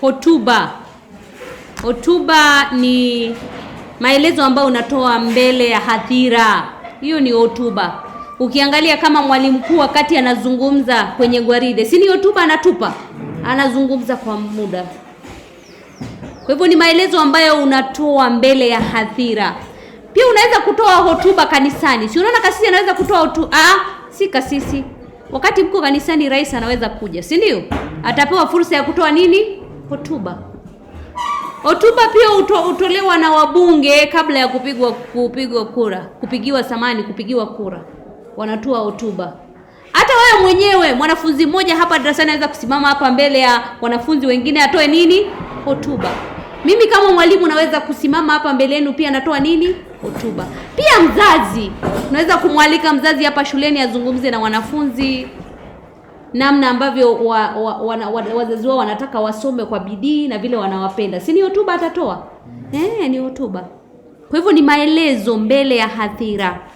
Hotuba. Hotuba ni maelezo ambayo unatoa mbele ya hadhira, hiyo ni hotuba. Ukiangalia kama mwalimu mkuu wakati anazungumza kwenye gwaride, si ni hotuba anatupa, anazungumza kwa muda. Kwa hivyo ni maelezo ambayo unatoa mbele ya hadhira. Pia unaweza kutoa hotuba kanisani, si unaona kasisi anaweza kutoa hotu... Ah, si kasisi, wakati mko kanisani, rais anaweza kuja, si ndio? Atapewa fursa ya kutoa nini hotuba. Hotuba pia uto, utolewa na wabunge kabla ya kupigwa kupigwa kura, kupigiwa samani, kupigiwa kura, wanatoa hotuba. Hata wewe mwenyewe mwanafunzi mmoja hapa darasani anaweza kusimama hapa mbele ya wanafunzi wengine atoe nini? Hotuba. Mimi kama mwalimu naweza kusimama hapa mbele yenu pia natoa nini? Hotuba. Pia mzazi, unaweza kumwalika mzazi hapa shuleni azungumze na wanafunzi namna ambavyo wa, wa, wa, wazazi wao wanataka wasome kwa bidii na vile wanawapenda. Si ni hotuba atatoa? Eh, ni hotuba. Kwa hivyo ni maelezo mbele ya hadhira,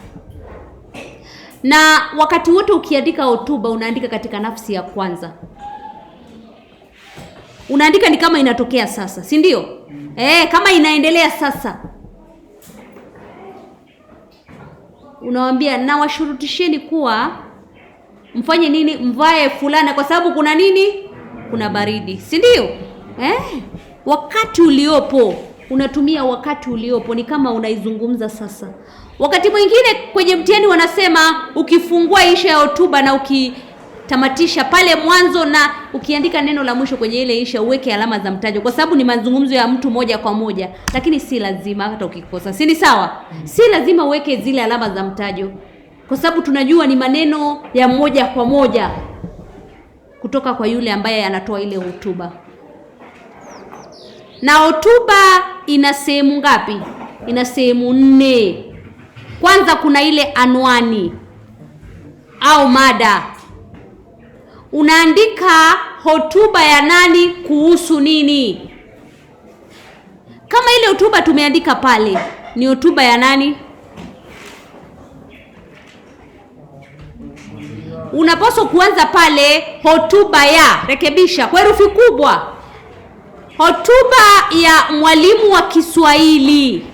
na wakati wote ukiandika hotuba unaandika katika nafsi ya kwanza, unaandika ni kama inatokea sasa, si ndio? Eh, kama inaendelea sasa unawambia nawashurutisheni kuwa mfanye nini, mvae fulana, kwa sababu kuna nini? Kuna baridi, si ndio? Eh, wakati uliopo unatumia wakati uliopo, ni kama unaizungumza sasa. Wakati mwingine kwenye mtihani wanasema ukifungua insha ya hotuba na ukitamatisha pale mwanzo na ukiandika neno la mwisho kwenye ile insha uweke alama za mtajo, kwa sababu ni mazungumzo ya mtu moja kwa moja, lakini si lazima. Hata ukikosa, si ni sawa? Si lazima uweke zile alama za mtajo kwa sababu tunajua ni maneno ya moja kwa moja kutoka kwa yule ambaye anatoa ile hotuba. Na hotuba ina sehemu ngapi? Ina sehemu nne. Kwanza kuna ile anwani au mada, unaandika hotuba ya nani kuhusu nini. Kama ile hotuba tumeandika pale, ni hotuba ya nani? unapaswa kuanza pale hotuba ya rekebisha kwa herufi kubwa, hotuba ya mwalimu wa Kiswahili.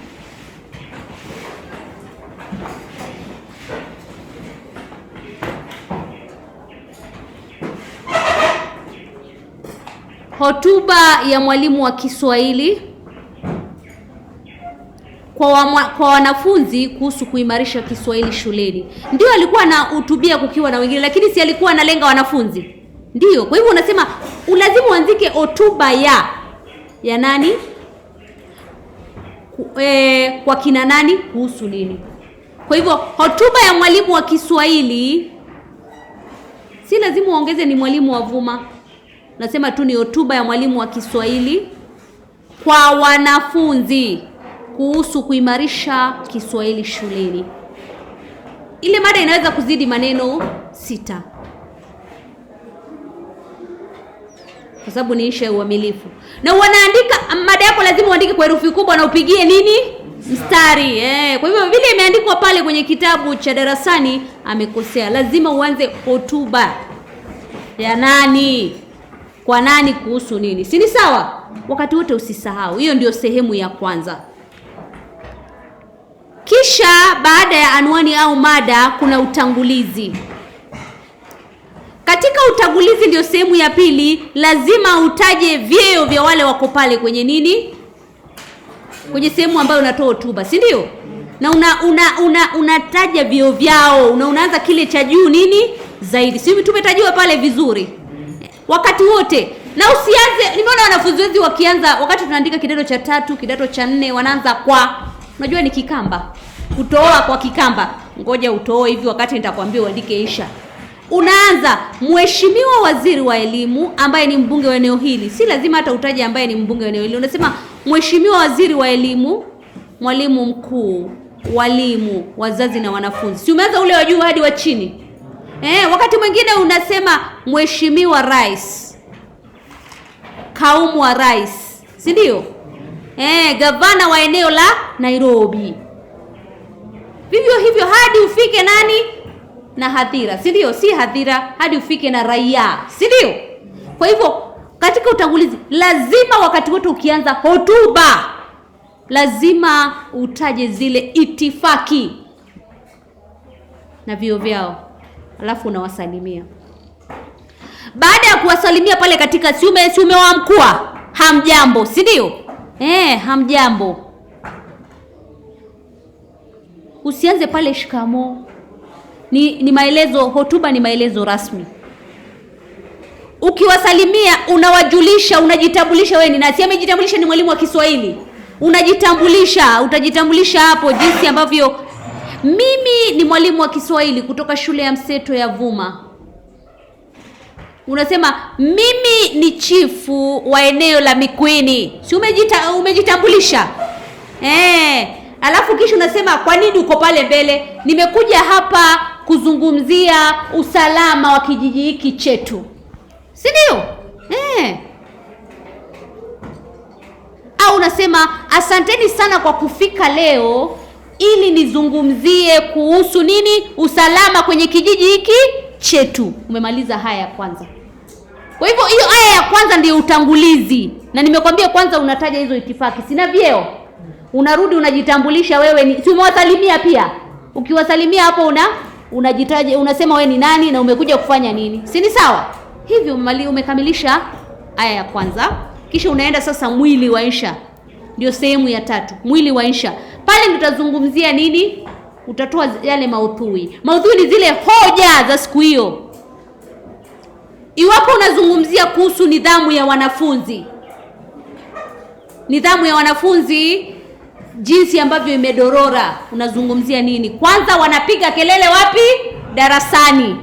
Hotuba ya mwalimu wa Kiswahili kwa, wama, kwa wanafunzi kuhusu kuimarisha Kiswahili shuleni. Ndio alikuwa anahutubia kukiwa na wengine, lakini si alikuwa analenga wanafunzi? Ndio. Kwa hivyo unasema ulazimu uanzike hotuba ya ya nani e, kwa kina nani kuhusu nini? Kwa hivyo hotuba ya mwalimu wa Kiswahili si lazima uongeze ni mwalimu wa Vuma, nasema tu ni hotuba ya mwalimu wa Kiswahili kwa wanafunzi kuhusu kuimarisha Kiswahili shuleni. Ile mada inaweza kuzidi maneno sita kwa sababu ni insha ya uamilifu, na wanaandika mada yako lazima uandike kwa herufi kubwa na upigie nini mstari eh. Kwa hivyo vile imeandikwa pale kwenye kitabu cha darasani amekosea. Lazima uanze hotuba ya nani kwa nani kuhusu nini, si ni sawa? Wakati wote usisahau, hiyo ndio sehemu ya kwanza. Kisha baada ya anwani au mada kuna utangulizi. Katika utangulizi ndio sehemu ya pili, lazima utaje vyeo vya wale wako pale kwenye nini, kwenye sehemu ambayo unatoa hotuba, si ndio? Na una, una, una, unataja vyeo vyao na unaanza kile cha juu nini zaidi, si tumetajiwa pale vizuri wakati wote na usianze. Nimeona wanafunzi wengi wakianza wakati tunaandika kidato cha tatu, kidato cha nne, wanaanza kwa Unajua ni kikamba, kutoa kwa kikamba. Ngoja utoe hivi, wakati nitakwambia uandike insha. Unaanza, Mheshimiwa Waziri wa Elimu ambaye ni mbunge wa eneo hili, si lazima hata utaje ambaye ni mbunge wa eneo hili. Unasema Mheshimiwa Waziri wa Elimu, mwalimu mkuu, walimu, wazazi na wanafunzi. Si umeanza ule wa juu hadi wa chini eh? Wakati mwingine unasema Mheshimiwa Rais, kaumu wa Rais, si ndio? eh, gavana wa eneo la Nairobi, vivyo hivyo hadi ufike nani na hadhira, si ndio? Si hadhira, hadi ufike na raia, si ndio? Kwa hivyo katika utangulizi lazima, wakati wote ukianza hotuba, lazima utaje zile itifaki na vio vyao, alafu unawasalimia. Baada ya kuwasalimia pale katika siume siume wa mkua, hamjambo, si ndio? Eh, hamjambo. Usianze pale shikamo Ni, ni maelezo hotuba ni maelezo rasmi. Ukiwasalimia unawajulisha, unajitambulisha wewe ni nani? amejitambulisha ni mwalimu wa Kiswahili. Unajitambulisha, utajitambulisha hapo jinsi ambavyo mimi ni mwalimu wa Kiswahili kutoka shule ya Mseto ya Vuma unasema mimi ni chifu wa eneo la Mikwini, si umejita, umejitambulisha eh? Alafu kisha unasema kwa nini uko pale mbele? Nimekuja hapa kuzungumzia usalama wa kijiji hiki chetu, si ndio? Eh. Au unasema asanteni sana kwa kufika leo ili nizungumzie kuhusu nini, usalama kwenye kijiji hiki chetu. Umemaliza haya kwanza. Kwa hivyo hiyo aya ya kwanza ndiyo utangulizi, na nimekwambia kwanza unataja hizo itifaki, sina vyeo, unarudi unajitambulisha wewe ni si umewasalimia pia. Ukiwasalimia hapo una unajitaja unasema wewe ni nani na umekuja kufanya nini, si ni sawa? Hivyo mali umekamilisha aya ya kwanza, kisha unaenda sasa mwili wa insha, ndio sehemu ya tatu, mwili wa insha. Pale ndio utazungumzia nini, utatoa yale maudhui. Maudhui ni zile hoja za siku hiyo Iwapo unazungumzia kuhusu nidhamu ya wanafunzi, nidhamu ya wanafunzi jinsi ambavyo imedorora, unazungumzia nini? Kwanza, wanapiga kelele wapi? Darasani.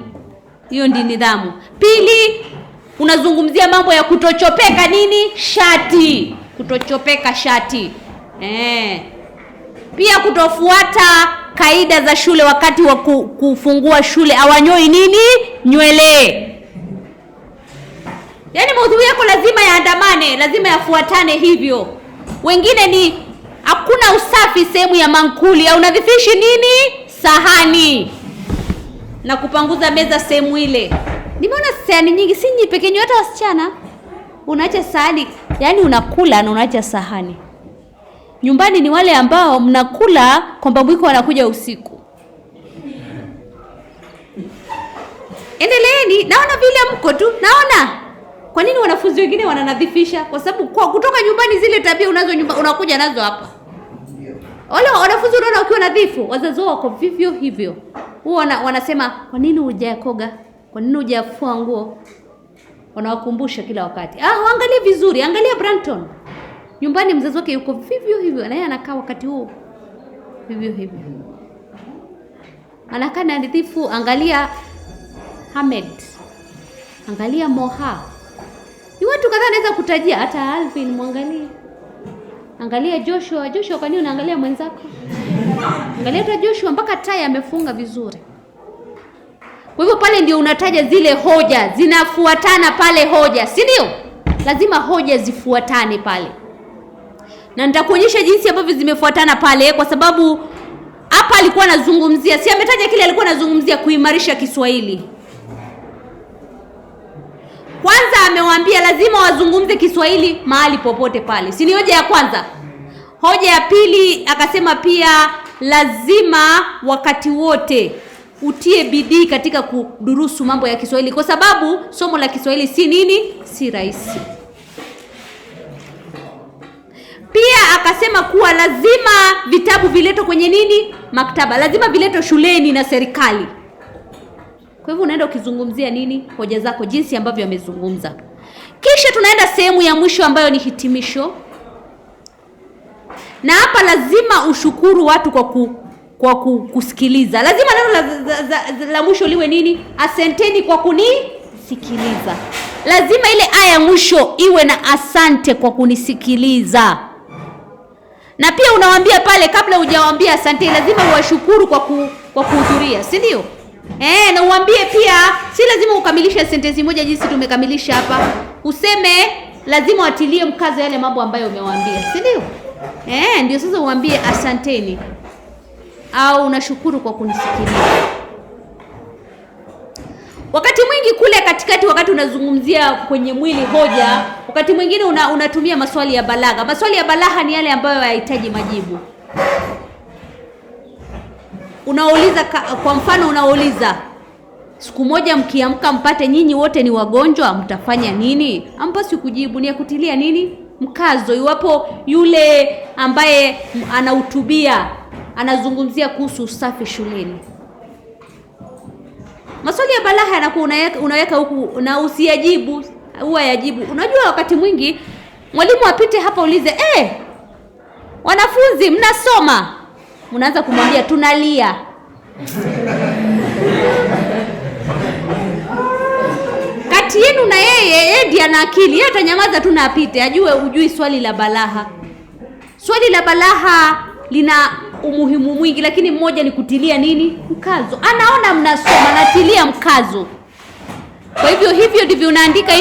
Hiyo ndi nidhamu. Pili, unazungumzia mambo ya kutochopeka nini, shati, kutochopeka shati eh. Pia kutofuata kaida za shule wakati wa kufungua shule, awanyoi nini nywele Yaani maudhui yako lazima yaandamane, lazima yafuatane hivyo. Wengine ni hakuna usafi sehemu ya mankuli, au unadhifishi nini sahani na kupanguza meza sehemu ile. Nimeona sahani nyingi, si nyinyi peke yenu, hata wasichana unaacha sahani, yaani unakula na unaacha sahani nyumbani. Ni wale ambao mnakula kwamba mwiko wanakuja usiku. Endeleeni, naona vile mko tu, naona kwa nini wanafunzi wengine wananadhifisha? Kwa sababu kwa kutoka nyumbani zile tabia unazo nyumba, unakuja nazo hapa. Wale wanafunzi unaona ukiwa nadhifu, wazazi wao wako vivyo hivyo. Huwa wana, wanasema kwa nini hujakoga? Kwa nini hujafua nguo? Wanawakumbusha kila wakati. Ah, angalia vizuri, angalia Branton. Nyumbani mzazi wake yuko vivyo hivyo, yeye anakaa wakati huo vivyo hivyo. Anakaa nadhifu, angalia Hamed. Angalia Moha watu kadhaa naweza kutajia, hata Alvin mwangalie, angalia Joshua. Joshua, kwani unaangalia mwenzako? Angalia hata Joshua, mpaka tai amefunga vizuri. Kwa hivyo pale ndio unataja zile hoja zinafuatana pale, hoja si ndio? Lazima hoja zifuatane pale, na nitakuonyesha jinsi ambavyo zimefuatana pale, kwa sababu hapa alikuwa anazungumzia, si ametaja kile alikuwa anazungumzia kuimarisha Kiswahili. Kwanza amewaambia lazima wazungumze Kiswahili mahali popote pale, si ni hoja ya kwanza. Hoja ya pili akasema pia lazima wakati wote utie bidii katika kudurusu mambo ya Kiswahili kwa sababu somo la Kiswahili si nini, si rahisi. Pia akasema kuwa lazima vitabu viletwe kwenye nini, maktaba, lazima viletwe shuleni na serikali. Kwa hivyo unaenda ukizungumzia nini, hoja zako jinsi ambavyo amezungumza. Kisha tunaenda sehemu ya mwisho ambayo ni hitimisho, na hapa lazima ushukuru watu kwa ku, kwa ku, kusikiliza. Lazima neno la, la, la mwisho liwe nini? Asanteni kwa kunisikiliza. Lazima ile aya ya mwisho iwe na asante kwa kunisikiliza na pia unawaambia pale, kabla hujawaambia asante, lazima uwashukuru kwa, ku, kwa kuhudhuria, si ndio? Eh, na uambie pia, si lazima ukamilishe sentensi moja jinsi tumekamilisha hapa. Useme lazima watilie mkazo yale mambo ambayo umewaambia, si ndio? Eh, ndio sasa uambie asanteni au unashukuru kwa kunisikiliza. Wakati mwingi kule katikati, wakati unazungumzia kwenye mwili hoja, wakati mwingine una, unatumia maswali ya balagha. Maswali ya balagha ni yale ambayo hayahitaji majibu. Unauliza kwa mfano, unauliza siku moja mkiamka mpate nyinyi wote ni wagonjwa, mtafanya nini? Ampasi kujibu, ni ya kutilia nini mkazo, iwapo yule ambaye anahutubia anazungumzia kuhusu usafi shuleni. Maswali ya balagha yanakuwa unaweka huku na usiyajibu, huwa yajibu. Unajua, wakati mwingi mwalimu apite hapa, ulize eh, wanafunzi mnasoma unaanza kumwambia tunalia. Kati yenu na yeye, yeye ndiye ana akili, yeye atanyamaza tu na apite, ajue ujui. Swali la balaha, swali la balaha lina umuhimu mwingi, lakini mmoja ni kutilia nini mkazo. Anaona mnasoma, anatilia mkazo. Kwa hivyo hivyo ndivyo unaandika.